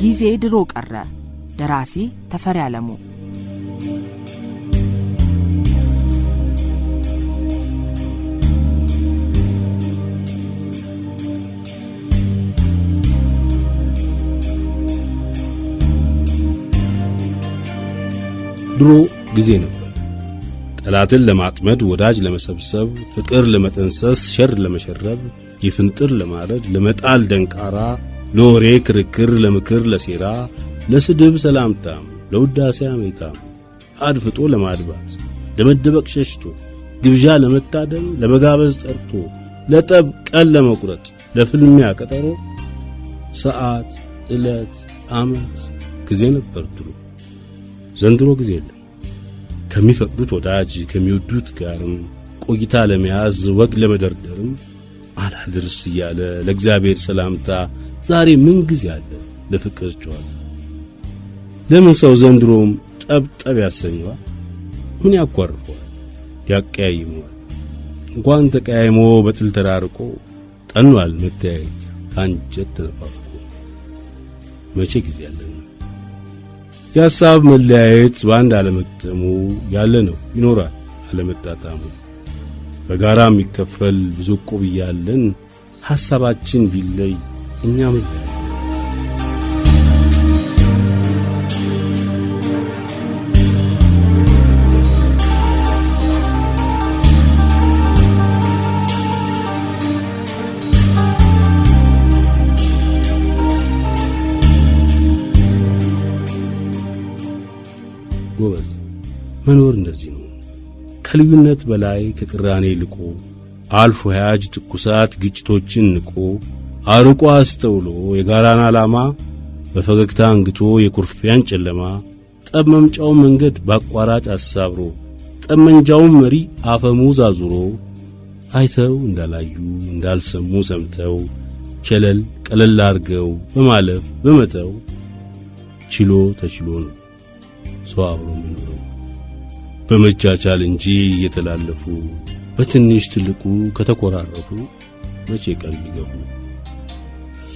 ጊዜ ድሮ ቀረ። ደራሲ ተፈሪ አለሙ። ድሮ ጊዜ ነበር። ጠላትን ለማጥመድ፣ ወዳጅ ለመሰብሰብ፣ ፍቅር ለመጠንሰስ፣ ሸር ለመሸረብ፣ ይፍንጥር ለማረድ፣ ለመጣል ደንቃራ ለወሬ ክርክር፣ ለምክር፣ ለሴራ፣ ለስድብ ሰላምታም፣ ለውዳሴ አሜታም፣ አድፍጦ ለማድባት፣ ለመደበቅ ሸሽቶ፣ ግብዣ ለመታደም፣ ለመጋበዝ ጠርቶ፣ ለጠብ ቀን ለመቁረጥ፣ ለፍልሚያ ቀጠሮ፣ ሰዓት፣ ዕለት፣ ዓመት ጊዜ ነበር ድሮ። ዘንድሮ ጊዜ የለም። ከሚፈቅዱት ወዳጅ ከሚወዱት ጋርም ቆይታ ለመያዝ ወግ ለመደርደርም አላድርስ እያለ ለእግዚአብሔር ሰላምታ ዛሬ ምን ጊዜ አለ ለፍቅር ጨዋታ? ለምን ሰው ዘንድሮም ጠብጠብ ያሰኘዋል? ምን ያጓርፈዋል? ያቀያይመዋል? እንኳን ተቀያይሞ በጥል ተራርቆ ጠኗል መተያየት ከአንጀት ተነፋፍቆ። መቼ ጊዜ ያለና የሐሳብ መለያየት በአንድ አለመጠሙ ያለ ነው ይኖራል አለመጣጣሙ በጋራ የሚከፈል ብዙ ዕቁብ እያለን ሐሳባችን ቢለይ እኛም ጎበዝ መኖር እንደዚህ ነው። ከልዩነት በላይ ከቅራኔ ልቆ አልፎ ያጅ ትኩሳት ግጭቶችን ንቆ አርቆ አስተውሎ የጋራን ዓላማ በፈገግታ አንግቶ የኩርፊያን ጨለማ ጠብ መንገድ በአቋራጭ አሳብሮ ጠመንጃውን መሪ አፈሙዝ አዙሮ አይተው እንዳላዩ እንዳልሰሙ ሰምተው ቸለል ቀለል አርገው በማለፍ በመተው ችሎ ተችሎ ነው ሰው አብሮ የሚኖረው በመቻቻል እንጂ እየተላለፉ በትንሽ ትልቁ ከተኮራረፉ መቼ ቀን ሊገቡ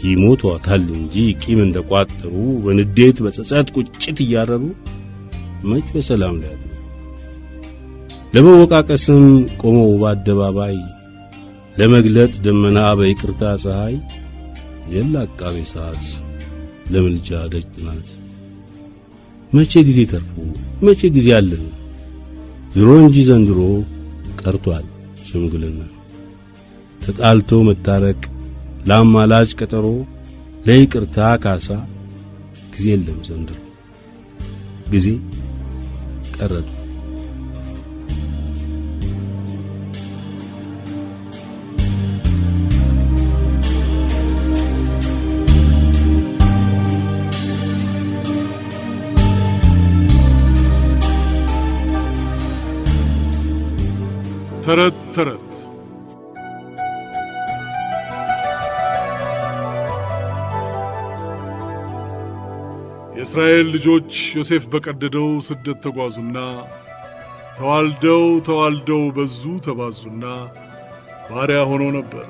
ይሞቷታል እንጂ ቂም እንደቋጠሩ በንዴት በጸጸት ቁጭት እያረሩ መች በሰላም ላይ አድሩ። ለመወቃቀስም ቆመው በአደባባይ ለመግለጥ ደመና በይቅርታ ፀሐይ የላ አቃቤ ሰዓት ለምልጃ ደጅ ናት። መቼ ጊዜ ተርፎ መቼ ጊዜ አለን ዝሮ እንጂ ዘንድሮ ቀርቷል ሽምግልና ተጣልቶ መታረቅ ለአማላጅ ቀጠሮ፣ ለይቅርታ ካሳ ጊዜ የለም ዘንድሮ ጊዜ ቀረን። ተረት ተረት የእስራኤል ልጆች ዮሴፍ በቀደደው ስደት ተጓዙና ተዋልደው ተዋልደው በዙ ተባዙና ባሪያ ሆነው ነበር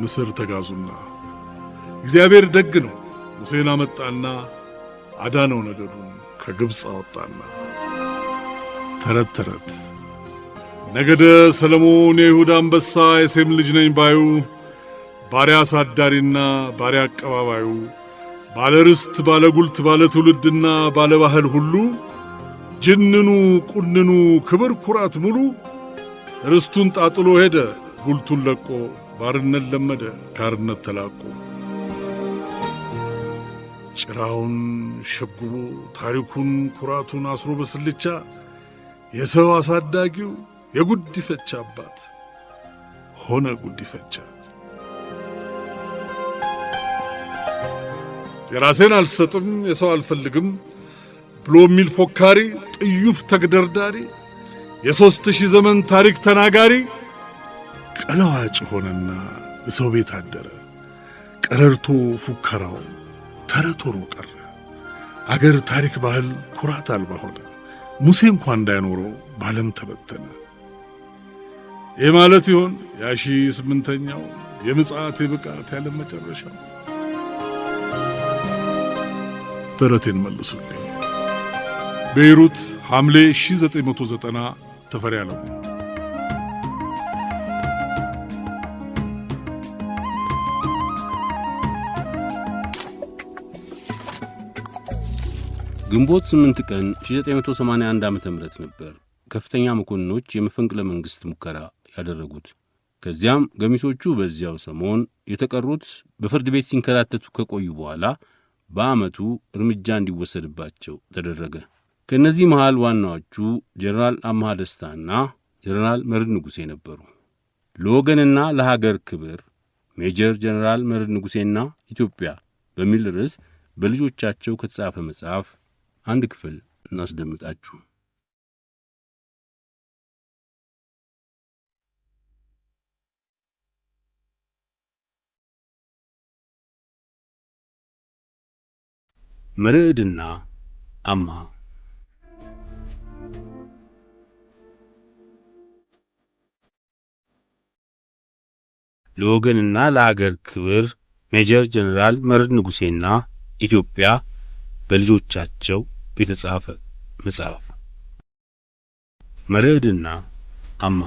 ምስር ተጋዙና። እግዚአብሔር ደግ ነው። ሙሴን አመጣና አዳነው ነገዱን ከግብፅ አወጣና። ተረት ተረት ነገደ ሰለሞን የይሁዳ አንበሳ የሴም ልጅ ነኝ ባዩ ባሪያ አሳዳሪና ባሪያ አቀባባዩ ባለ ርስት፣ ባለ ጉልት፣ ባለ ትውልድና ባለ ባህል ሁሉ ጅንኑ ቁንኑ ክብር ኩራት ሙሉ ርስቱን ጣጥሎ ሄደ፣ ጉልቱን ለቆ ባርነት ለመደ፣ ካርነት ተላቆ ጭራውን ሸጉቦ ታሪኩን ኩራቱን አስሮ በስልቻ የሰው አሳዳጊው የጉዲፈቻ አባት ሆነ ጉዲፈቻ። የራሴን አልሰጥም የሰው አልፈልግም ብሎ የሚል ፎካሪ፣ ጥዩፍ ተግደርዳሪ፣ የሦስት ሺህ ዘመን ታሪክ ተናጋሪ ቀለዋጭ ሆነና የሰው ቤት አደረ። ቀረርቶ ፉከራው ተረት ሆኖ ቀረ። አገር፣ ታሪክ፣ ባህል ኩራት አልባ ሆነ። ሙሴ እንኳን እንዳይኖረው ባለም ተበተነ። ይህ ማለት ይሆን ያሺ ስምንተኛው የምጽአት የብቃት ያለ መጨረሻው ተረቴን መልሱልኝ። ቤይሩት ሐምሌ 1990 ተፈሪ ዓለሙ። ግንቦት 8 ቀን 1981 ዓ.ም ነበር ከፍተኛ መኮንኖች የመፈንቅለ መንግሥት ሙከራ ያደረጉት። ከዚያም ገሚሶቹ በዚያው ሰሞን የተቀሩት በፍርድ ቤት ሲንከራተቱ ከቆዩ በኋላ በዓመቱ እርምጃ እንዲወሰድባቸው ተደረገ። ከእነዚህ መሃል ዋናዎቹ ጀነራል አምሃ ደስታና ጀነራል መርድ ንጉሴ ነበሩ። ለወገንና ለሀገር ክብር ሜጀር ጀነራል መርድ ንጉሴና ኢትዮጵያ በሚል ርዕስ በልጆቻቸው ከተጻፈ መጽሐፍ አንድ ክፍል እናስደምጣችሁ። መርዕድና አማ ለወገንና ለአገር ክብር ሜጀር ጀነራል መርዕድ ንጉሴና ኢትዮጵያ በልጆቻቸው የተጻፈ መጽሐፍ። መርዕድና አማ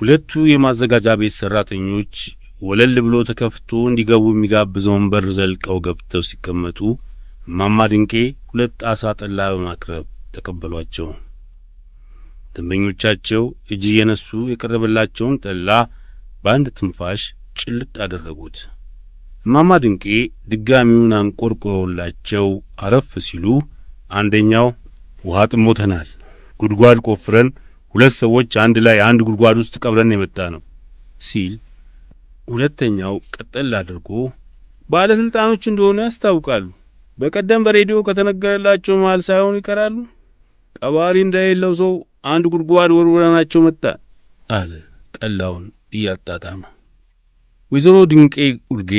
ሁለቱ የማዘጋጃ ቤት ሰራተኞች ወለል ብሎ ተከፍቶ እንዲገቡ የሚጋብዘውን በር ዘልቀው ገብተው ሲቀመጡ እማማ ድንቄ ሁለት አሳ ጠላ በማቅረብ ተቀበሏቸው። ደንበኞቻቸው እጅ እየነሱ የቀረበላቸውን ጠላ በአንድ ትንፋሽ ጭልጥ አደረጉት። እማማ ድንቄ ድጋሚውን አንቆርቁረውላቸው አረፍ ሲሉ አንደኛው ውሃ ጥሞተናል፣ ጉድጓድ ቆፍረን ሁለት ሰዎች አንድ ላይ አንድ ጉድጓድ ውስጥ ቀብረን የመጣ ነው ሲል፣ ሁለተኛው ቀጠል አድርጎ ባለሥልጣኖች እንደሆነ ያስታውቃሉ። በቀደም በሬዲዮ ከተነገረላቸው መሃል ሳይሆኑ ይቀራሉ። ቀባሪ እንደሌለው ሰው አንድ ጉድጓድ ወርውረናቸው መጣ አለ ጠላውን እያጣጣመ። ወይዘሮ ድንቄ ኡርጌ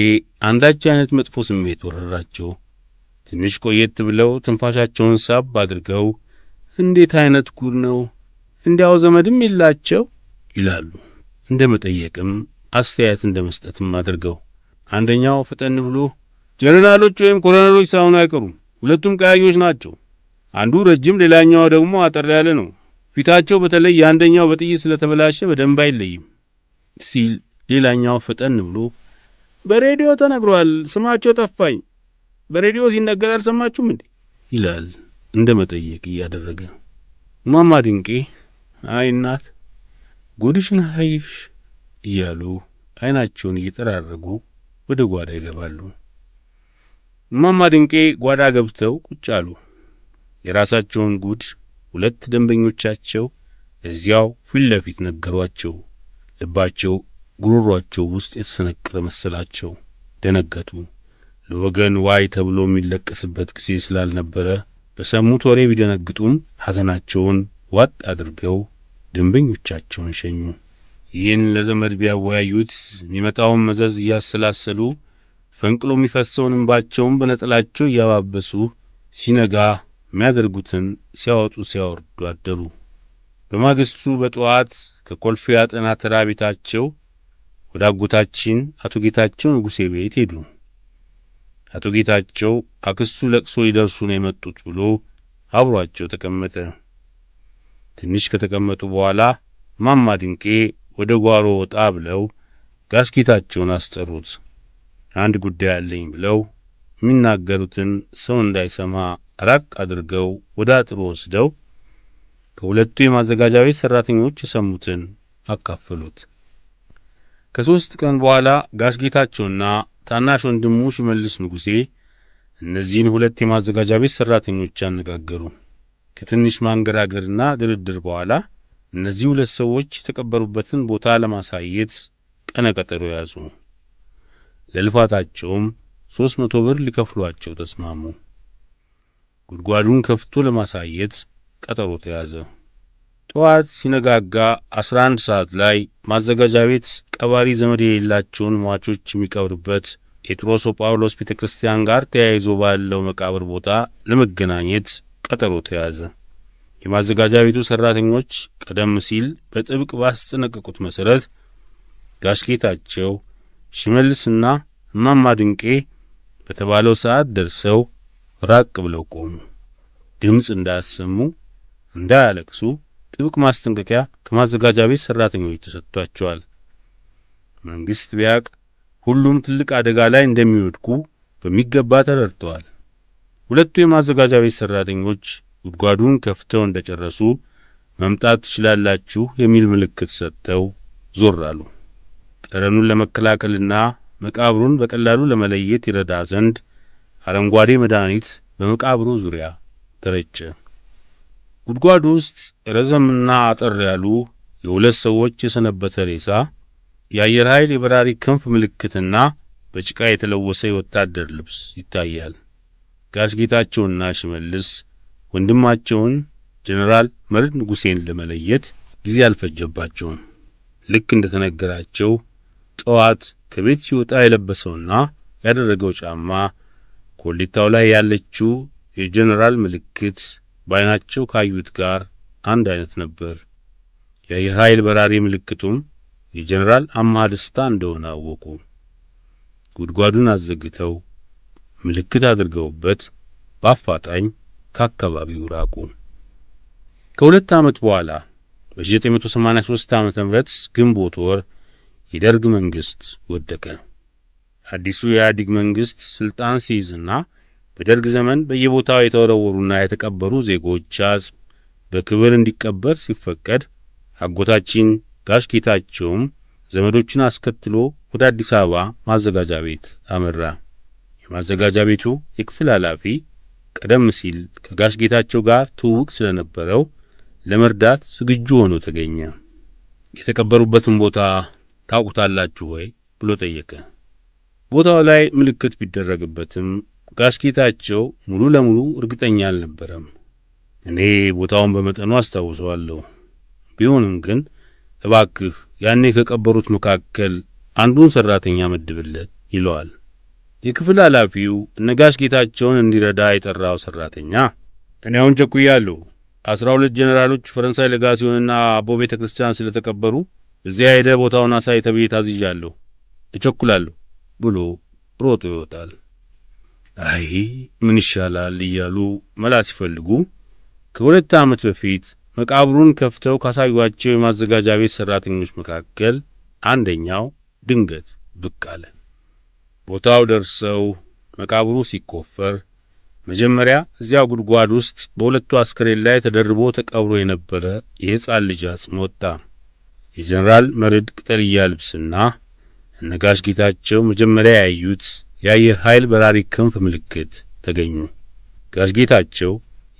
አንዳች አይነት መጥፎ ስሜት ወረራቸው። ትንሽ ቆየት ብለው ትንፋሻቸውን ሳብ አድርገው እንዴት አይነት ጉድ ነው እንዲያው ዘመድም የላቸው ይላሉ። እንደ መጠየቅም አስተያየት እንደ መስጠትም አድርገው አንደኛው ፍጠን ብሎ ጀነራሎች ወይም ኮሎኔሎች ሳይሆኑ አይቀሩም። ሁለቱም ቀያዮች ናቸው። አንዱ ረጅም፣ ሌላኛው ደግሞ አጠር ያለ ነው። ፊታቸው በተለይ የአንደኛው በጥይት ስለተበላሸ በደንብ አይለይም ሲል ሌላኛው ፈጠን ብሎ በሬዲዮ ተነግሯል፣ ስማቸው ጠፋኝ፣ በሬዲዮ ሲነገር አልሰማችሁም እንዴ? ይላል እንደ መጠየቅ እያደረገ ማማ ድንቄ አይ እናት ጉድሽን አሳየሽ እያሉ አይናቸውን እየጠራረጉ ወደ ጓዳ ይገባሉ። እማማ ድንቄ ጓዳ ገብተው ቁጭ አሉ። የራሳቸውን ጉድ ሁለት ደንበኞቻቸው እዚያው ፊት ለፊት ነገሯቸው። ልባቸው ጉሮሯቸው ውስጥ የተሰነቀረ መሰላቸው። ደነገጡ። ለወገን ዋይ ተብሎ የሚለቀስበት ጊዜ ስላልነበረ በሰሙት ወሬ ቢደነግጡም ሐዘናቸውን ዋጥ አድርገው ደንበኞቻቸውን ሸኙ። ይህን ለዘመድ ቢያወያዩት የሚመጣውን መዘዝ እያሰላሰሉ ፈንቅሎ የሚፈሰውን እንባቸውን በነጠላቸው እያባበሱ ሲነጋ የሚያደርጉትን ሲያወጡ ሲያወርዱ አደሩ። በማግስቱ በጠዋት ከኮልፌ አጠና ተራ ቤታቸው ወደ አጎታችን አቶ ጌታቸው ንጉሴ ቤት ሄዱ። አቶ ጌታቸው አክስቱ ለቅሶ ሊደርሱ ነው የመጡት ብሎ አብሯቸው ተቀመጠ። ትንሽ ከተቀመጡ በኋላ ማማ ድንቄ ወደ ጓሮ ወጣ ብለው ጋሽ ጌታቸውን አስጠሩት። አንድ ጉዳይ አለኝ ብለው የሚናገሩትን ሰው እንዳይሰማ ራቅ አድርገው ወደ አጥሩ ወስደው ከሁለቱ የማዘጋጃ ቤት ሠራተኞች የሰሙትን አካፈሉት። ከሦስት ቀን በኋላ ጋሽ ጌታቸውና ታናሽ ወንድሙ ሽመልስ ንጉሴ እነዚህን ሁለት የማዘጋጃ ቤት ሠራተኞች አነጋገሩ። ከትንሽ ማንገራገርና ድርድር በኋላ እነዚህ ሁለት ሰዎች የተቀበሩበትን ቦታ ለማሳየት ቀነ ቀጠሮ ያዙ። ለልፋታቸውም ሦስት መቶ ብር ሊከፍሏቸው ተስማሙ። ጉድጓዱን ከፍቶ ለማሳየት ቀጠሮ ተያዘ። ጠዋት ሲነጋጋ አንድ ሰዓት ላይ ማዘጋጃ ቤት ቀባሪ ዘመድ የሌላቸውን ሟቾች የሚቀብርበት ጴጥሮስ ጳውሎስ ቤተ ክርስቲያን ጋር ተያይዞ ባለው መቃብር ቦታ ለመገናኘት ቀጠሮ ተያዘ። የማዘጋጃ ቤቱ ሠራተኞች ቀደም ሲል በጥብቅ ባስጠነቀቁት መሠረት ጋሽጌታቸው ሽመልስና እማማ ድንቄ በተባለው ሰዓት ደርሰው ራቅ ብለው ቆሙ። ድምፅ እንዳያሰሙ፣ እንዳያለቅሱ ጥብቅ ማስጠንቀቂያ ከማዘጋጃ ቤት ሠራተኞች ተሰጥቷቸዋል። መንግሥት ቢያቅ ሁሉም ትልቅ አደጋ ላይ እንደሚወድቁ በሚገባ ተረድተዋል። ሁለቱ የማዘጋጃ ቤት ሠራተኞች ጉድጓዱን ከፍተው እንደጨረሱ መምጣት ትችላላችሁ የሚል ምልክት ሰጥተው ዞር አሉ። ጠረኑን ለመከላከልና መቃብሩን በቀላሉ ለመለየት ይረዳ ዘንድ አረንጓዴ መድኃኒት በመቃብሩ ዙሪያ ተረጨ። ጉድጓዱ ውስጥ ረዘምና አጠር ያሉ የሁለት ሰዎች የሰነበተ ሬሳ፣ የአየር ኃይል የበራሪ ክንፍ ምልክትና በጭቃ የተለወሰ የወታደር ልብስ ይታያል። ጋሽ ጌታቸውና ሽመልስ ወንድማቸውን ጀነራል መርድ ንጉሴን ለመለየት ጊዜ አልፈጀባቸውም። ልክ እንደተነገራቸው ጠዋት ከቤት ሲወጣ የለበሰውና ያደረገው ጫማ፣ ኮሌታው ላይ ያለችው የጀነራል ምልክት በዓይናቸው ካዩት ጋር አንድ አይነት ነበር። የአየር ኃይል በራሪ ምልክቱም የጀነራል አማ ደስታ እንደሆነ አወቁ። ጉድጓዱን አዘግተው ምልክት አድርገውበት በአፋጣኝ ከአካባቢው ራቁ። ከሁለት ዓመት በኋላ በ1983 ዓ ም ግንቦት ወር የደርግ መንግሥት ወደቀ። አዲሱ የኢህአዴግ መንግሥት ሥልጣን ሲይዝና በደርግ ዘመን በየቦታው የተወረወሩና የተቀበሩ ዜጎች አጽም በክብር እንዲቀበር ሲፈቀድ አጎታችን ጋሽ ጌታቸውም ዘመዶቹን አስከትሎ ወደ አዲስ አበባ ማዘጋጃ ቤት አመራ። የማዘጋጃ ቤቱ የክፍል ኃላፊ ቀደም ሲል ከጋሽ ጌታቸው ጋር ትውውቅ ስለነበረው ለመርዳት ዝግጁ ሆኖ ተገኘ። የተቀበሩበትን ቦታ ታውቁታላችሁ ወይ ብሎ ጠየቀ። ቦታው ላይ ምልክት ቢደረግበትም ጋሽ ጌታቸው ሙሉ ለሙሉ እርግጠኛ አልነበረም። እኔ ቦታውን በመጠኑ አስታውሰዋለሁ። ቢሆንም ግን እባክህ ያኔ ከቀበሩት መካከል አንዱን ሠራተኛ መድብለት ይለዋል። የክፍል ኃላፊው ነጋሽ ጌታቸውን እንዲረዳ የጠራው ሠራተኛ እኔ አሁን ቸኩያለሁ። አስራ ሁለት ጄኔራሎች ፈረንሳይ ለጋሲዮንና አቦ ቤተ ክርስቲያን ስለተቀበሩ እዚያ ሄደ ቦታውን አሳይ ተብዬ ታዝዣለሁ፣ እቸኩላለሁ ብሎ ሮጦ ይወጣል። አይ ምን ይሻላል እያሉ መላ ሲፈልጉ ከሁለት ዓመት በፊት መቃብሩን ከፍተው ካሳዩቸው የማዘጋጃ ቤት ሠራተኞች መካከል አንደኛው ድንገት ብቅ አለ። ቦታው ደርሰው መቃብሩ ሲቆፈር መጀመሪያ እዚያው ጉድጓድ ውስጥ በሁለቱ አስከሬን ላይ ተደርቦ ተቀብሮ የነበረ የሕፃን ልጅ አጽም ወጣ። የጀኔራል መርድ ቅጠልያ ልብስና እነጋሽ ጌታቸው መጀመሪያ ያዩት የአየር ኃይል በራሪ ክንፍ ምልክት ተገኙ። ጋሽ ጌታቸው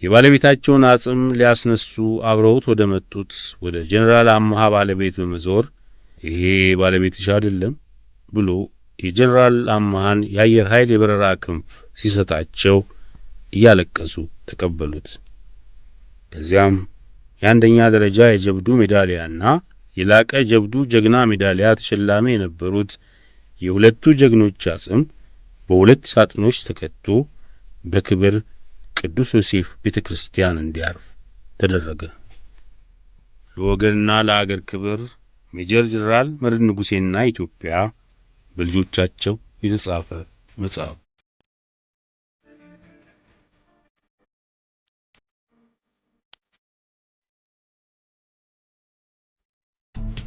የባለቤታቸውን አጽም ሊያስነሱ አብረውት ወደ መጡት ወደ ጀኔራል አምሃ ባለቤት በመዞር ይሄ ባለቤትሽ አይደለም ብሎ የጀኔራል አማሃን የአየር ኃይል የበረራ ክንፍ ሲሰጣቸው እያለቀሱ ተቀበሉት። ከዚያም የአንደኛ ደረጃ የጀብዱ ሜዳሊያና የላቀ ጀብዱ ጀግና ሜዳሊያ ተሸላሚ የነበሩት የሁለቱ ጀግኖች አጽም በሁለት ሳጥኖች ተከቶ በክብር ቅዱስ ዮሴፍ ቤተ ክርስቲያን እንዲያርፍ ተደረገ። ለወገንና ለአገር ክብር ሜጀር ጀነራል መርዕድ ንጉሴና ኢትዮጵያ በልጆቻቸው የተጻፈ መጽሐፍ